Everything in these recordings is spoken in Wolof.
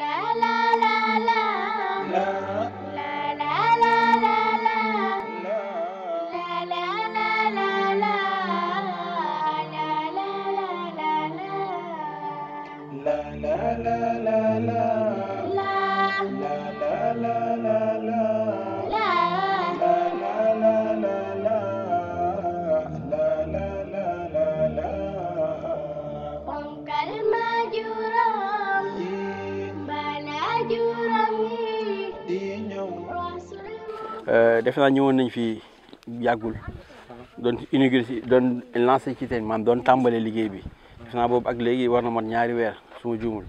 la la la la. La Euh, defe naa ñëwoon nañ fii yàggul doon inauguré doon lancé ci teen maanaam doon tàmbalee liggéey bi defe naa boobu ak léegi war na mat ñaari weer suma ma juumul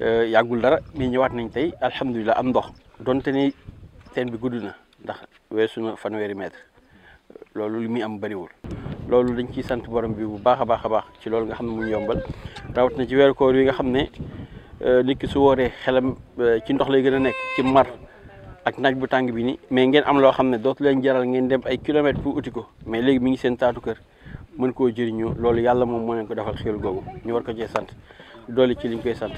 euh, yàggul dara mii ñëwaat nañ tey alhamdulilah am ndox donte ni teen bi gudd na ndax weer na fanweeri mètre loolu li muy am bariwul loolu dañ ciy sant borom bi bu baax a baax a baax ci loolu nga xam ne mu yombal rawat na ci weeru koor yi nga xam ne euh, nit ki su wooree xelam ci ndox lay gën a nekk ci mar ak naaj bu tàng bi ni mais ngeen am loo xam ne dootu leen jaral ngeen dem ay kilomètres pour uti mais léegi mu ngi seen taatu kër mën koo ñu loolu yàlla moom moo leen ko defal xéwal googu ñu war ko cee sant doole ci liñ koy sant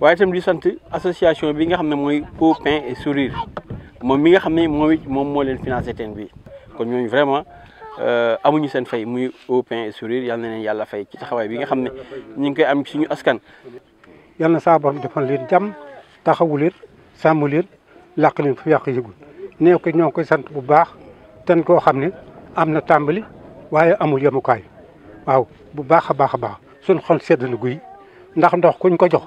waaye tam di sant association bi nga xam ne mooy Peau Pain et Sourire moom mi nga xam ne moom it moom moo leen financé teen bi kon ñooñu vraiment euh, amuñu seen fay muy Peau Pain et Sourire yal na leen yàlla fay ci taxawaay bi nga xam ne ñu ngi koy am suñu askan. yal na saa borom defal leen taxawu leen sàmm leen làq leen fu yàq yëgul nee ko ñoo koy sant bu baax ten koo xam ne am na tàmbali waaye amul yemukaay waaw bu baax a baax a baax suñ xol sedd na guy ndax ndox kuñ ko jox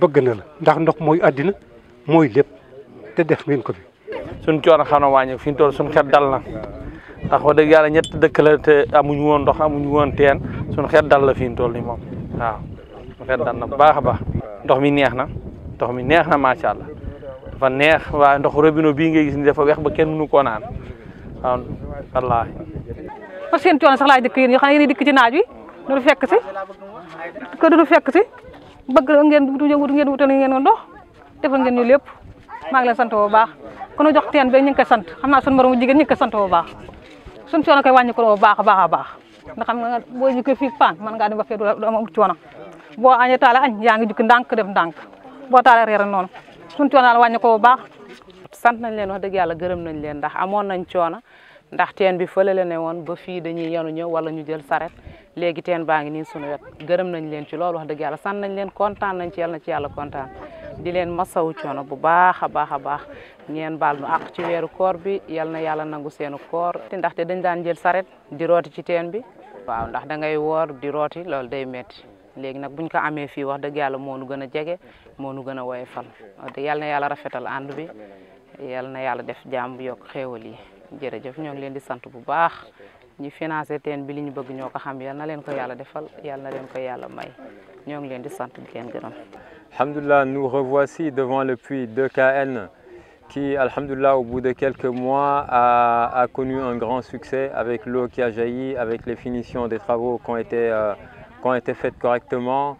bëgg na la ndax ndox mooy àddina mooy lépp te def ngeen ko fi. suñ coono xanaa waañ fi ñu toll suñ xet dal na ndax wax dëgg yàlla ñett dëkk la te amuñu woon ndox amuñu woon teen suñ xet dal la fi ñu toll nii moom waaw suñ xet dal na bu baax a baax ndox mi neex na ndox mi neex na macha allah. dafa neex wa ndox robino bi ngay gis ni dafa wex ba kenn mënu ko naan wallahi wallaahi. kon seen coono sax lay dëkk yeen yo xana ne yéen ci naaj wi du fekk ci ko do fekk ci bëgg ngeen wut ngeen wutal ngeen ndox defal ngeen ñu lepp ma ngi la sant bu baax no jox teen be ñu ko sant xamna sun morom jigeen jigéen ñu ngi sant bu baax sun tion kay wañ ko bu baax baax baax ndax xam nga ñu ko fi paan man nga dem ba fee do am coono boo añee taale añ yaa ngi jukki def ndank bo taala reer non suñ coonaan wàññi ko bu baax sant nañ leen wax dëgg yàlla gërëm nañ leen ndax amoon nañ coona ndax teen bi fële la ne woon ba fii dañuy yanu ñëw wala ñu jël saret léegi teen baa ngi nii suñu wet gërëm nañ leen ci loolu wax dëgg yàlla sant nañ leen kontaan nañ ci yàlla na ci yàlla kontaan di leen masawu coono bu baax a baax a baax ngeen baal nu àq ci weeru koor bi yal na yàlla nangu seenu koor te ndaxte dañ daan jël saret di rooti ci teen bi waaw ndax da ngay woor di rooti loolu day metti léegi nak buñ ko amé fi wax deug yalla mo nu gëna djégé mo nu gëna a fal wax yalla na yalla rafétal and bi yalla na yalla def jàmm yokk xéewal yi jërëjëf ñoo ngi leen di sant bu baax ñi financer teen bi li ñu bëgg ñoko xam yalla na leen ko yalla defal yalla na leen ko yalla may ñoo ngi leen di sant di leen gërëm. Alhamdulillah, nous revoici devant le puits de KN qui, alhamdulillah, au bout de quelques mois, a, a connu un grand succès avec l'eau qui a jailli, avec les finitions des travaux qui ont été euh, été faites correctement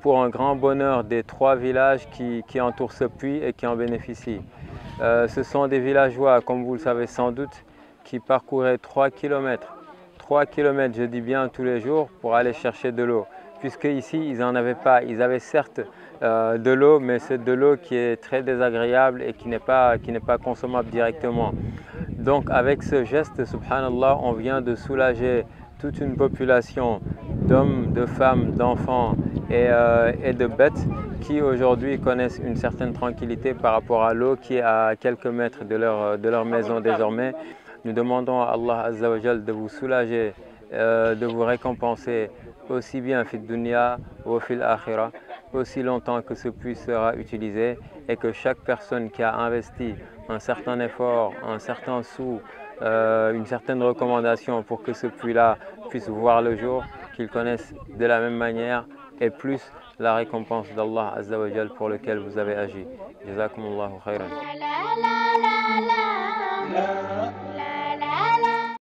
pour un grand bonheur des trois villages qui, entourent ce puits et qui en bénéficient. Euh, ce sont des villageois, comme vous le savez sans doute, qui parcouraient 3 km, 3 km je dis bien tous les jours, pour aller chercher de l'eau. Puisque ici, ils n'en avaient pas. Ils avaient certes euh, de l'eau, mais c'est de l'eau qui est très désagréable et qui n'est pas, qui pas consommable directement. Donc avec ce geste, subhanallah, on vient de soulager toute une population d'hommes, de femmes, d'enfants euh, et, de bêtes qui aujourd'hui connaissent une certaine tranquillité par rapport à l'eau qui est à quelques mètres de leur, maison désormais. Nous demandons à Allah Azza Jal de vous soulager, euh, de vous récompenser aussi bien fil dunya ou fil akhirah aussi longtemps que ce puits sera utilisé et que chaque personne qui a investi un certain effort, un certain sou, euh, une certaine recommandation pour que ce puits-là puisse voir le jour, qu'ils connaissent de la même manière et plus la récompense d'Allah Azzawajal pour lequel vous avez agi.